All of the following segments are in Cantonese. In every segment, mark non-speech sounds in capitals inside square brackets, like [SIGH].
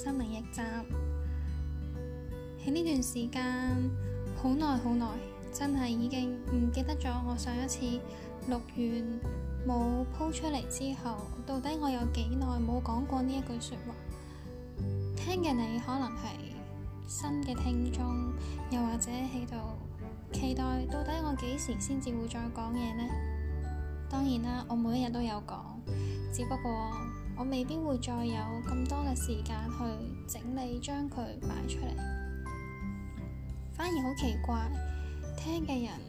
新聞驛站喺呢段時間好耐好耐，真係已經唔記得咗。我上一次錄完冇鋪出嚟之後，到底我有幾耐冇講過呢一句說話？聽嘅你可能係新嘅聽眾，又或者喺度期待到底我幾時先至會再講嘢呢？當然啦，我每一日都有講，只不過，我未必會再有咁多嘅時間去整理將佢擺出嚟，反而好奇怪，聽嘅人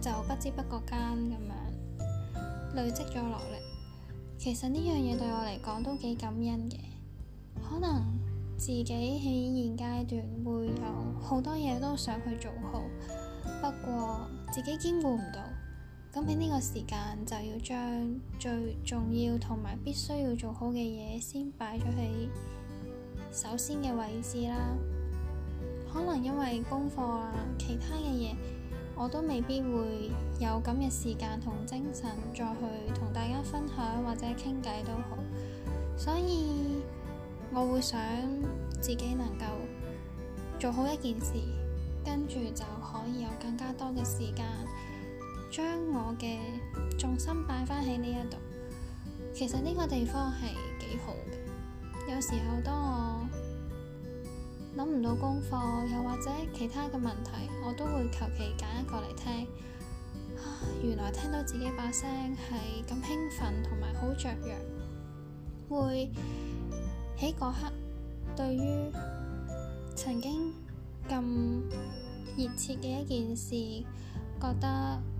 就不知不覺間咁樣累積咗落嚟。其實呢樣嘢對我嚟講都幾感恩嘅，可能自己喺現階段會有好多嘢都想去做好，不過自己兼顧唔到。咁喺呢個時間就要將最重要同埋必須要做好嘅嘢先擺咗喺首先嘅位置啦。可能因為功課啊，其他嘅嘢我都未必會有咁嘅時間同精神再去同大家分享或者傾偈都好。所以，我會想自己能夠做好一件事，跟住就可以有更加多嘅時間。將我嘅重心擺翻喺呢一度，其實呢個地方係幾好嘅。有時候當我諗唔到功課，又或者其他嘅問題，我都會求其揀一個嚟聽。原來聽到自己把聲係咁興奮，同埋好雀躍，會喺嗰刻對於曾經咁熱切嘅一件事，覺得～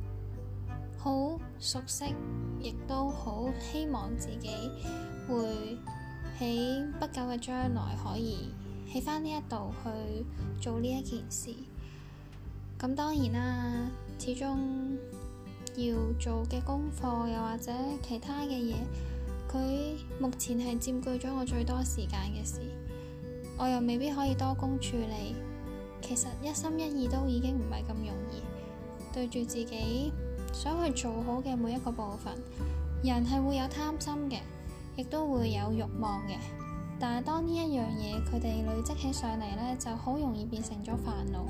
好熟悉，亦都好希望自己會喺不久嘅將來可以喺翻呢一度去做呢一件事。咁當然啦，始終要做嘅功課又或者其他嘅嘢，佢目前係佔據咗我最多時間嘅事，我又未必可以多工處理。其實一心一意都已經唔係咁容易，對住自己。想去做好嘅每一個部分，人係會有貪心嘅，亦都會有欲望嘅。但係當呢一樣嘢佢哋累積起上嚟呢，就好容易變成咗煩惱。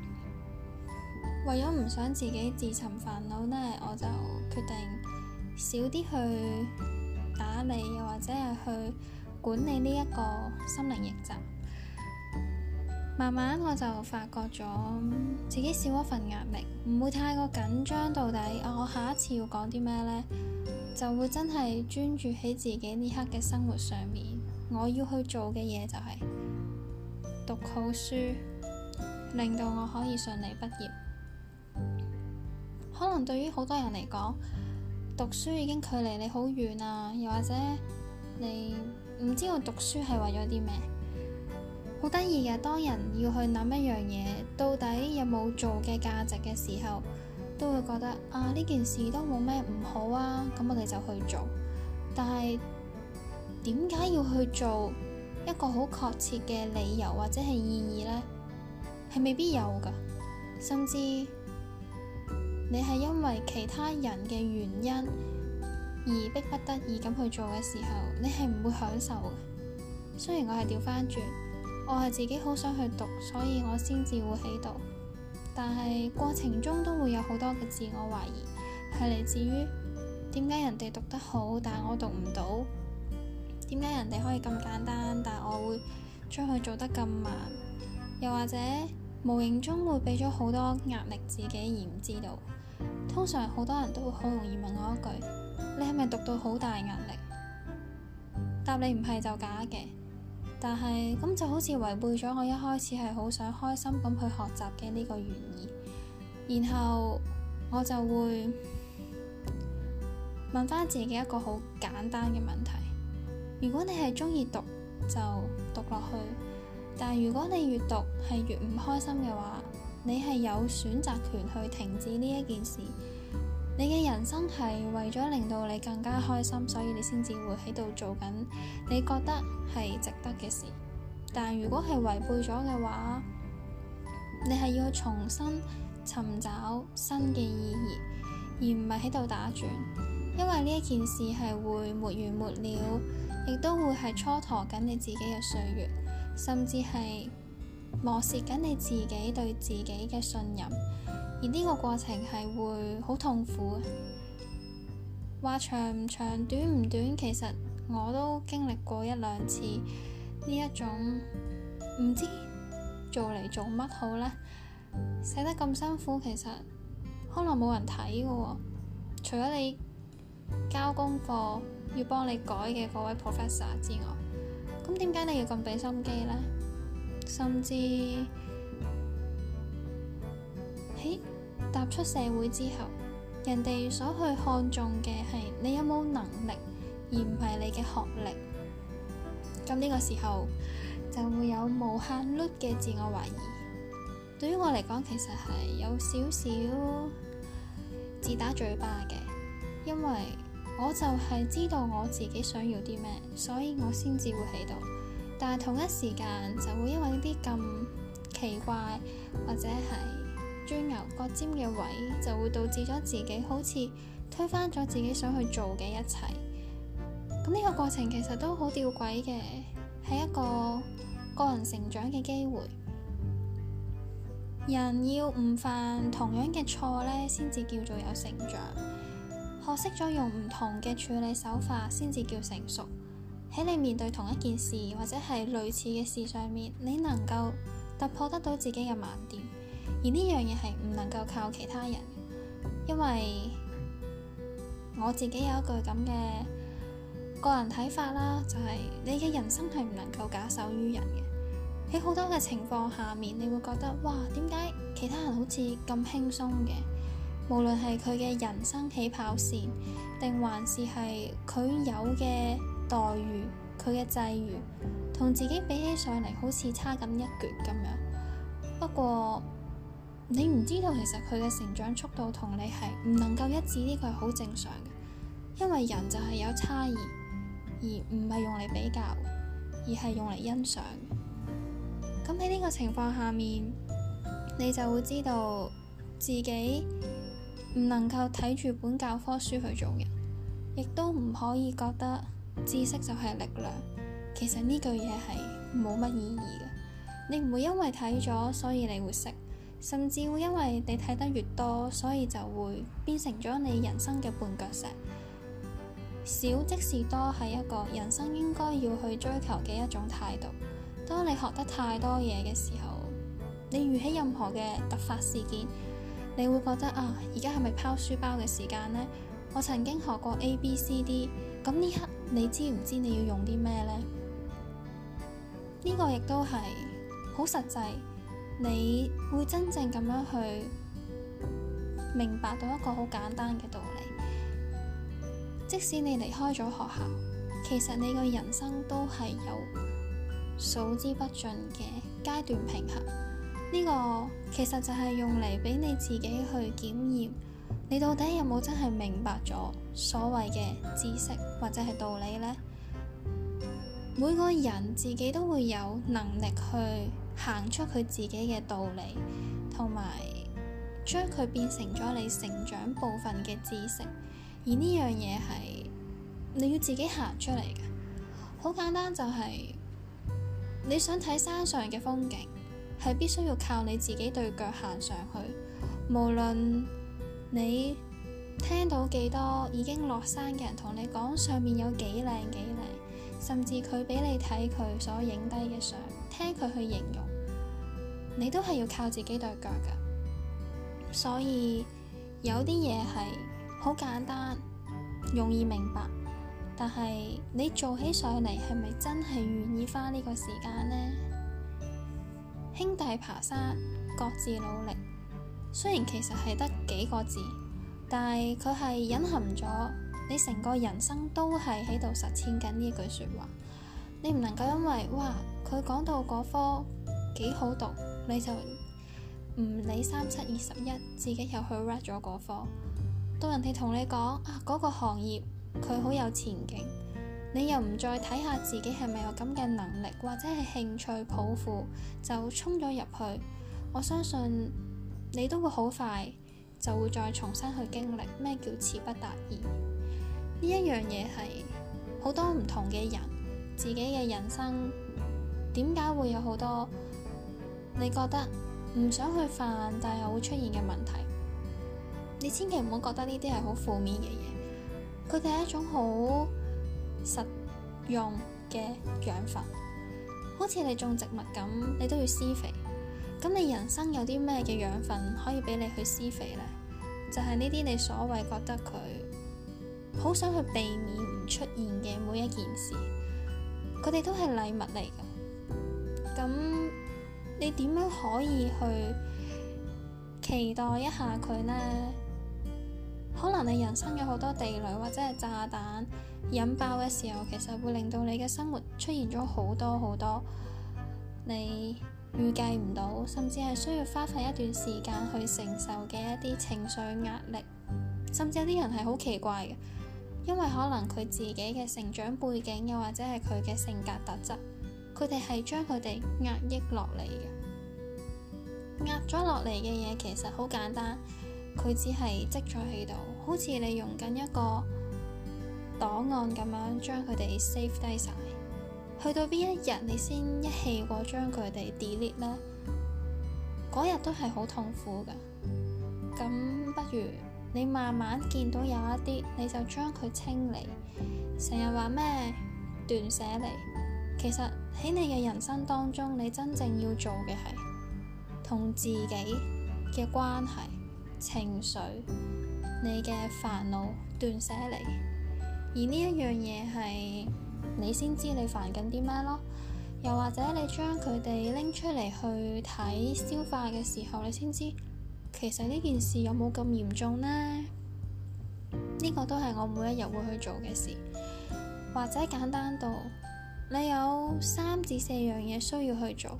[NOISE] 為咗唔想自己自尋煩惱呢，我就決定少啲去打理，又或者係去管理呢一個心靈驛站。慢慢我就發覺咗自己少一份壓力，唔會太過緊張到底，哦，我下一次要講啲咩呢？就會真係專注喺自己呢刻嘅生活上面。我要去做嘅嘢就係、是、讀好書，令到我可以順利畢業。可能對於好多人嚟講，讀書已經距離你好遠啊，又或者你唔知我讀書係為咗啲咩。好得意嘅，當人要去諗一樣嘢，到底有冇做嘅價值嘅時候，都會覺得啊呢件事都冇咩唔好啊，咁我哋就去做。但係點解要去做一個好確切嘅理由或者係意義呢？係未必有噶。甚至你係因為其他人嘅原因而逼不得已咁去做嘅時候，你係唔會享受嘅。雖然我係掉返轉。我係自己好想去讀，所以我先至會喺度。但係過程中都會有好多嘅自我懷疑，係嚟自於點解人哋讀得好，但我讀唔到？點解人哋可以咁簡單，但係我會將佢做得咁慢，又或者無形中會俾咗好多壓力自己而唔知道。通常好多人都好容易問我一句：你係咪讀到好大壓力？答你唔係就假嘅。但係咁就好似違背咗我一開始係好想開心咁去學習嘅呢個原意。然後我就會問翻自己一個好簡單嘅問題：如果你係中意讀就讀落去，但如果你越讀係越唔開心嘅話，你係有選擇權去停止呢一件事。你嘅人生係為咗令到你更加開心，所以你先至會喺度做緊你覺得係值得嘅事。但如果係違背咗嘅話，你係要去重新尋找新嘅意義，而唔係喺度打轉，因為呢一件事係會沒完沒了，亦都會係蹉跎緊你自己嘅歲月，甚至係磨蝕緊你自己對自己嘅信任。而呢個過程係會好痛苦嘅，話長唔長短唔短，其實我都經歷過一兩次呢一種，唔知做嚟做乜好呢。寫得咁辛苦，其實可能冇人睇嘅，除咗你交功課要幫你改嘅嗰位 professor 之外，咁點解你要咁俾心機呢？甚至，嘿。出社會之後，人哋所去看重嘅係你有冇能力，而唔係你嘅學歷。咁呢個時候就會有無限率嘅自我懷疑。對於我嚟講，其實係有少少自打嘴巴嘅，因為我就係知道我自己想要啲咩，所以我先至會喺度。但係同一時間就會因為呢啲咁奇怪或者係。鑽牛角尖嘅位，就會導致咗自己好似推翻咗自己想去做嘅一切。咁呢個過程其實都好吊詭嘅，係一個個人成長嘅機會。人要唔犯同樣嘅錯呢，先至叫做有成長。學識咗用唔同嘅處理手法，先至叫成熟。喺你面對同一件事或者係類似嘅事上面，你能夠突破得到自己嘅盲點。而呢樣嘢係唔能夠靠其他人，因為我自己有一句咁嘅個人睇法啦，就係你嘅人生係唔能夠假手於人嘅。喺好多嘅情況下面，你會覺得哇，點解其他人好似咁輕鬆嘅？無論係佢嘅人生起跑線，定還是係佢有嘅待遇，佢嘅際遇，同自己比起上嚟好似差緊一橛咁樣。不過，你唔知道，其實佢嘅成長速度同你係唔能夠一致，呢個係好正常嘅，因為人就係有差異，而唔係用嚟比較，而係用嚟欣賞。咁喺呢個情況下面，你就會知道自己唔能夠睇住本教科書去做人，亦都唔可以覺得知識就係力量。其實呢句嘢係冇乜意義嘅。你唔會因為睇咗，所以你會識。甚至會因為你睇得越多，所以就會變成咗你人生嘅絆腳石。少即是多係一個人生應該要去追求嘅一種態度。當你學得太多嘢嘅時候，你遇起任何嘅突發事件，你會覺得啊，而家係咪拋書包嘅時間呢？我曾經學過 A、B、C、D，咁呢刻你知唔知你要用啲咩呢？呢個亦都係好實際。你會真正咁樣去明白到一個好簡單嘅道理，即使你離開咗學校，其實你個人生都係有數之不盡嘅階段平衡。呢個其實就係用嚟俾你自己去檢驗，你到底有冇真係明白咗所謂嘅知識或者係道理呢？每個人自己都會有能力去。行出佢自己嘅道理，同埋將佢變成咗你成長部分嘅知識。而呢樣嘢係你要自己行出嚟嘅。好簡單，就係你想睇山上嘅風景，係必須要靠你自己對腳行上去。無論你聽到幾多已經落山嘅人同你講上面有幾靚幾靚，甚至佢俾你睇佢所影低嘅相。聽佢去形容，你都係要靠自己對腳㗎。所以有啲嘢係好簡單，容易明白，但係你做起上嚟係咪真係願意花呢個時間呢？兄弟爬山，各自努力。雖然其實係得幾個字，但係佢係隱含咗你成個人生都係喺度實踐緊呢句說話。你唔能夠因為哇～佢講到嗰科幾好讀，你就唔理三七二十一，自己又去 read 咗嗰科。到人哋同你講啊，嗰個行業佢好有前景，你又唔再睇下自己係咪有咁嘅能力或者係興趣抱負，就衝咗入去。我相信你都會好快就會再重新去經歷咩叫詞不達意，呢一樣嘢係好多唔同嘅人自己嘅人生。點解會有好多你覺得唔想去犯，但又會出現嘅問題？你千祈唔好覺得呢啲係好負面嘅嘢，佢哋係一種好實用嘅養分，好似你種植物咁，你都要施肥。咁你人生有啲咩嘅養分可以俾你去施肥呢？就係呢啲你所謂覺得佢好想去避免唔出現嘅每一件事，佢哋都係禮物嚟。咁你點樣可以去期待一下佢呢？可能你人生嘅好多地雷或者係炸彈引爆嘅時候，其實會令到你嘅生活出現咗好多好多你預計唔到，甚至係需要花費一段時間去承受嘅一啲情緒壓力。甚至有啲人係好奇怪嘅，因為可能佢自己嘅成長背景，又或者係佢嘅性格特質。佢哋係將佢哋壓抑落嚟嘅，壓咗落嚟嘅嘢其實好簡單，佢只係積咗喺度，好似你用緊一個檔案咁樣將佢哋 save 低晒。去到邊一日你先一氣過將佢哋 delete 咧？嗰日都係好痛苦㗎。咁不如你慢慢見到有一啲，你就將佢清理。成日話咩斷捨離？其實喺你嘅人生當中，你真正要做嘅係同自己嘅關係、情緒、你嘅煩惱斷捨離。而呢一樣嘢係你先知你煩緊啲咩咯？又或者你將佢哋拎出嚟去睇消化嘅時候，你先知其實呢件事有冇咁嚴重呢？呢個都係我每一日會去做嘅事，或者簡單到。你有三至四樣嘢，需要去做，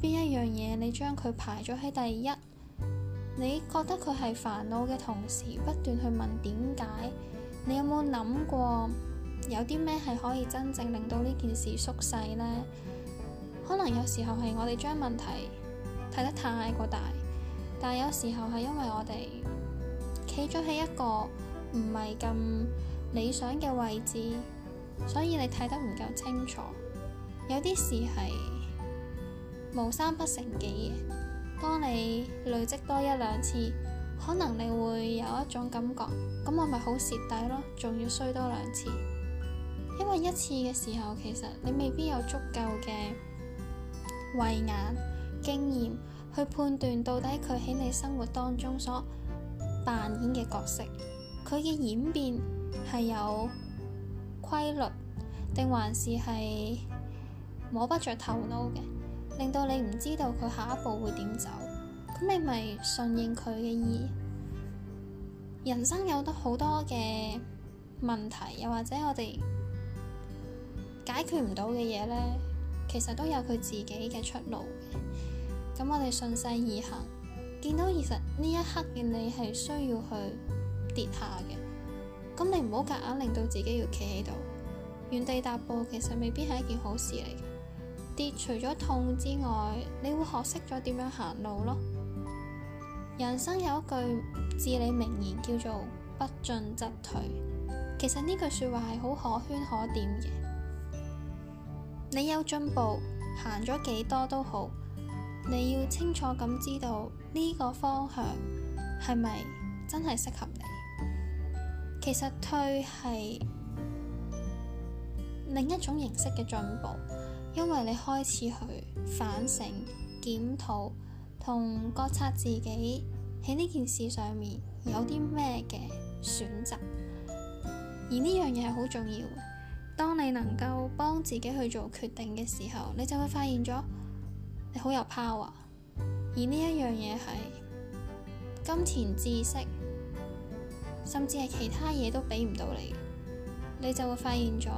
邊一樣嘢你將佢排咗喺第一？你覺得佢係煩惱嘅同時不斷去問點解？你有冇諗過有啲咩係可以真正令到呢件事縮細咧？可能有時候係我哋將問題睇得太過大，但係有時候係因為我哋企咗喺一個唔係咁理想嘅位置。所以你睇得唔夠清楚，有啲事係無三不成幾嘅。當你累積多一兩次，可能你會有一種感覺，咁我咪好蝕底咯，仲要衰多兩次。因為一次嘅時候，其實你未必有足夠嘅慧眼經驗去判斷到底佢喺你生活當中所扮演嘅角色，佢嘅演變係有規律，定還是係摸不着頭腦嘅，令到你唔知道佢下一步會點走，咁你咪順應佢嘅意。人生有得好多嘅問題，又或者我哋解決唔到嘅嘢呢，其實都有佢自己嘅出路。咁我哋順勢而行，見到其實呢一刻嘅你係需要去跌下嘅。咁你唔好夾硬，令到自己要企喺度原地踏步，其實未必係一件好事嚟。跌除咗痛之外，你會學識咗點樣行路咯。人生有一句至理名言，叫做不進則退。其實呢句說話係好可圈可點嘅。你有進步，行咗幾多都好，你要清楚咁知道呢個方向係咪真係適合你。其實退係另一種形式嘅進步，因為你開始去反省、檢討同覺察自己喺呢件事上面有啲咩嘅選擇，而呢樣嘢係好重要嘅。當你能夠幫自己去做決定嘅時候，你就會發現咗你好有 power。而呢一樣嘢係金錢、知識，甚至係其他嘢都俾唔到你，你就會發現咗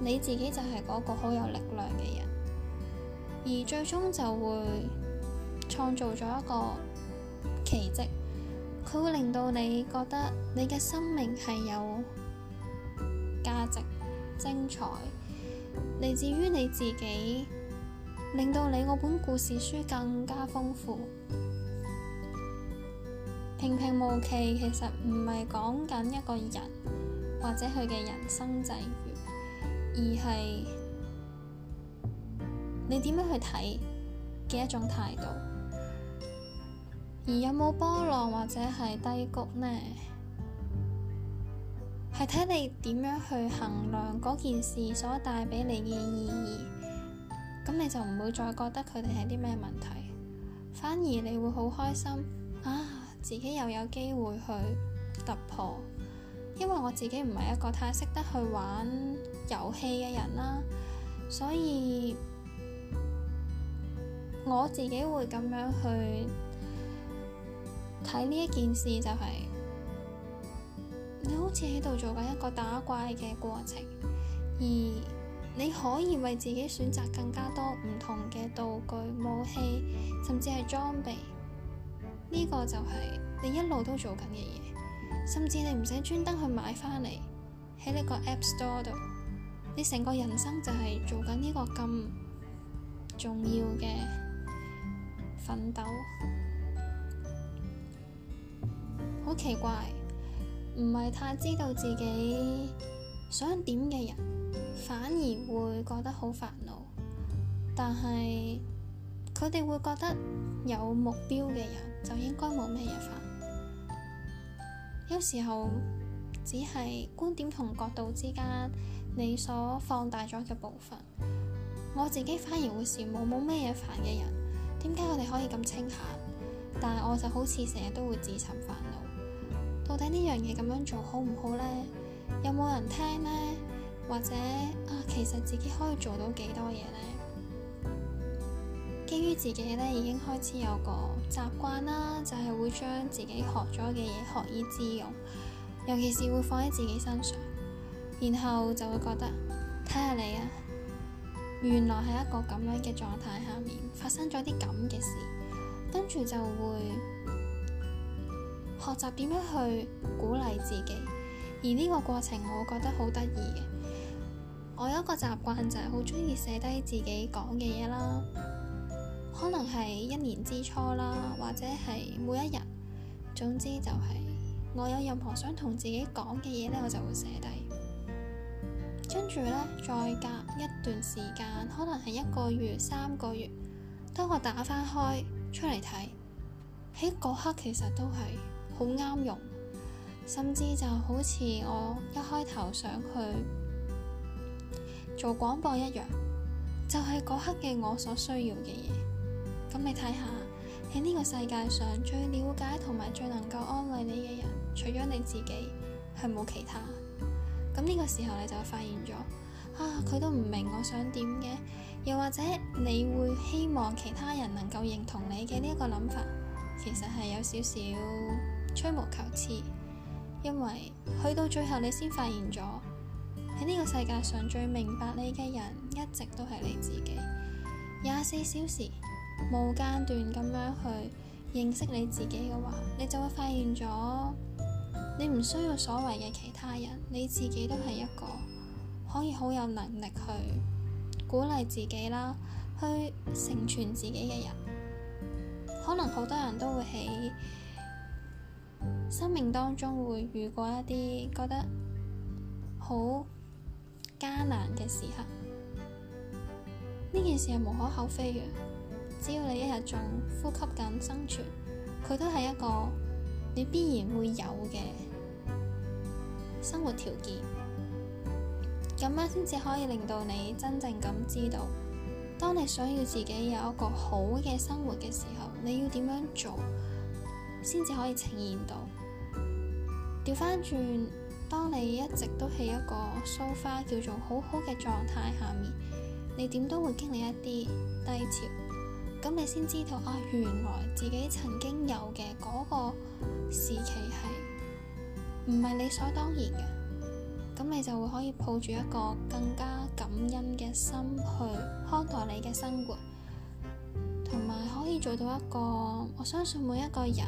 你自己就係嗰個好有力量嘅人，而最終就會創造咗一個奇跡。佢會令到你覺得你嘅生命係有價值、精彩，嚟自於你自己，令到你嗰本故事書更加豐富。平平無奇，其實唔係講緊一個人，或者佢嘅人生際遇，而係你點樣去睇嘅一種態度。而有冇波浪，或者係低谷呢？係睇你點樣去衡量嗰件事所帶俾你嘅意義。咁你就唔會再覺得佢哋係啲咩問題，反而你會好開心啊！自己又有機會去突破，因為我自己唔係一個太識得去玩遊戲嘅人啦，所以我自己會咁樣去睇呢一件事，就係，就係你好似喺度做緊一個打怪嘅過程，而你可以為自己選擇更加多唔同嘅道具、武器，甚至係裝備。呢個就係你一路都做緊嘅嘢，甚至你唔使專登去買翻嚟喺呢個 App Store 度，你成個人生就係做緊呢個咁重要嘅奮鬥。好奇怪，唔係太知道自己想點嘅人，反而會覺得好煩惱，但係。佢哋會覺得有目標嘅人就應該冇咩嘢煩，有時候只係觀點同角度之間你所放大咗嘅部分。我自己反而會羨慕冇咩嘢煩嘅人，點解佢哋可以咁清閒？但係我就好似成日都會自尋煩惱，到底呢樣嘢咁樣做好唔好呢？有冇人聽呢？或者啊，其實自己可以做到幾多嘢呢？基於自己咧，已經開始有個習慣啦，就係會將自己學咗嘅嘢，學以致用，尤其是會放喺自己身上，然後就會覺得，睇下你啊，原來係一個咁樣嘅狀態下面，發生咗啲咁嘅事，跟住就會學習點樣去鼓勵自己，而呢個過程我覺得好得意嘅。我有一個習慣就係好中意寫低自己講嘅嘢啦。可能係一年之初啦，或者係每一日，總之就係我有任何想同自己講嘅嘢呢，我就會寫低，跟住呢，再隔一段時間，可能係一個月、三個月，當我打翻開出嚟睇，喺嗰刻其實都係好啱用，甚至就好似我一開頭想去做廣播一樣，就係、是、嗰刻嘅我所需要嘅嘢。咁你睇下喺呢個世界上最了解同埋最能夠安慰你嘅人，除咗你自己，係冇其他。咁呢個時候你就發現咗，啊，佢都唔明我想點嘅。又或者你會希望其他人能夠認同你嘅呢個諗法，其實係有少少吹毛求疵，因為去到最後你先發現咗喺呢個世界上最明白你嘅人一直都係你自己。廿四小時。冇間斷咁樣去認識你自己嘅話，你就會發現咗你唔需要所謂嘅其他人，你自己都係一個可以好有能力去鼓勵自己啦，去成全自己嘅人。可能好多人都會喺生命當中會遇過一啲覺得好艱難嘅時刻，呢件事係無可厚非嘅。只要你一日仲呼吸緊、生存，佢都係一個你必然會有嘅生活條件。咁樣先至可以令到你真正咁知道，當你想要自己有一個好嘅生活嘅時候，你要點樣做先至可以呈現到？調翻轉，當你一直都係一個 so far 叫做好好嘅狀態下面，你點都會經歷一啲低潮。咁你先知道啊，原來自己曾經有嘅嗰個時期係唔係理所當然嘅。咁你就會可以抱住一個更加感恩嘅心去看待你嘅生活，同埋可以做到一個我相信每一個人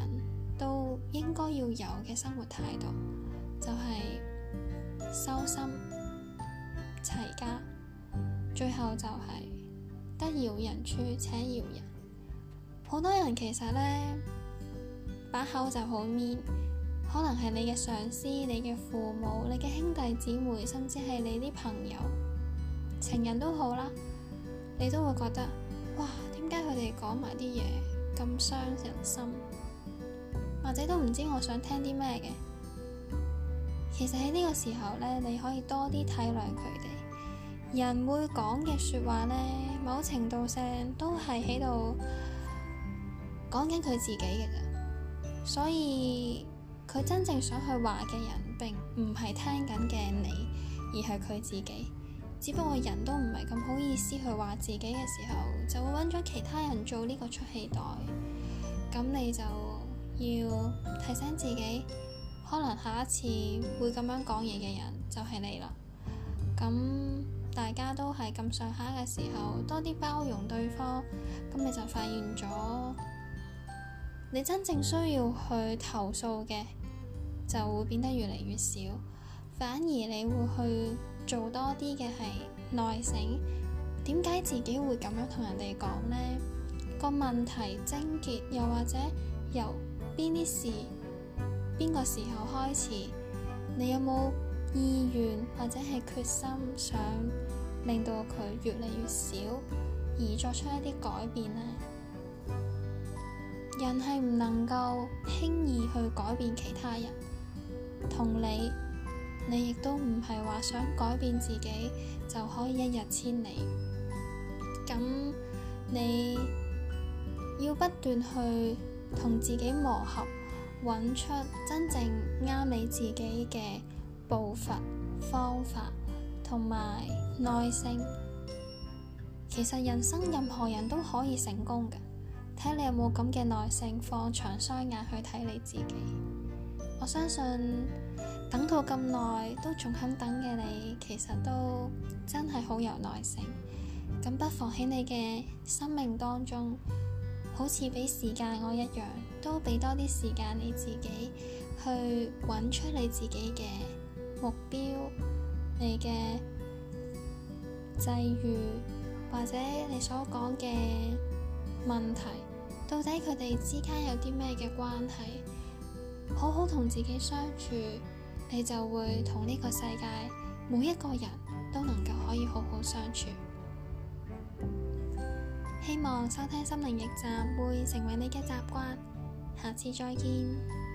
都應該要有嘅生活態度，就係、是、修心齊家，最後就係得饒人處且饒人。好多人其實呢，把口就好 mean，可能係你嘅上司、你嘅父母、你嘅兄弟姊妹，甚至係你啲朋友、情人都好啦。你都會覺得哇，點解佢哋講埋啲嘢咁傷人心，或者都唔知我想聽啲咩嘅。其實喺呢個時候呢，你可以多啲體諒佢哋。人會講嘅説話呢，某程度上都係喺度。講緊佢自己嘅咋，所以佢真正想去話嘅人，並唔係聽緊嘅你，而係佢自己。只不過人都唔係咁好意思去話自己嘅時候，就會揾咗其他人做呢個出氣袋。咁你就要提醒自己，可能下一次會咁樣講嘢嘅人就係你啦。咁大家都係咁上下嘅時候，多啲包容對方，咁你就發現咗。你真正需要去投訴嘅就會變得越嚟越少，反而你會去做多啲嘅係內省，點解自己會咁樣同人哋講呢？個問題症結又或者由邊啲事、邊個時候開始，你有冇意願或者係決心想令到佢越嚟越少，而作出一啲改變呢？人係唔能夠輕易去改變其他人，同你，你亦都唔係話想改變自己就可以一日千里。咁你要不斷去同自己磨合，揾出真正啱你自己嘅步伐、方法同埋耐性。其實人生，任何人都可以成功嘅。睇你有冇咁嘅耐性，放長雙眼去睇你自己。我相信等到咁耐都仲肯等嘅你，其實都真係好有耐性。咁不妨喺你嘅生命當中，好似俾時間我一樣，都俾多啲時間你自己去揾出你自己嘅目標、你嘅際遇或者你所講嘅問題。到底佢哋之間有啲咩嘅關係？好好同自己相處，你就會同呢個世界，每一個人都能夠可以好好相處。希望收聽心靈驛站會成為你嘅習慣，下次再見。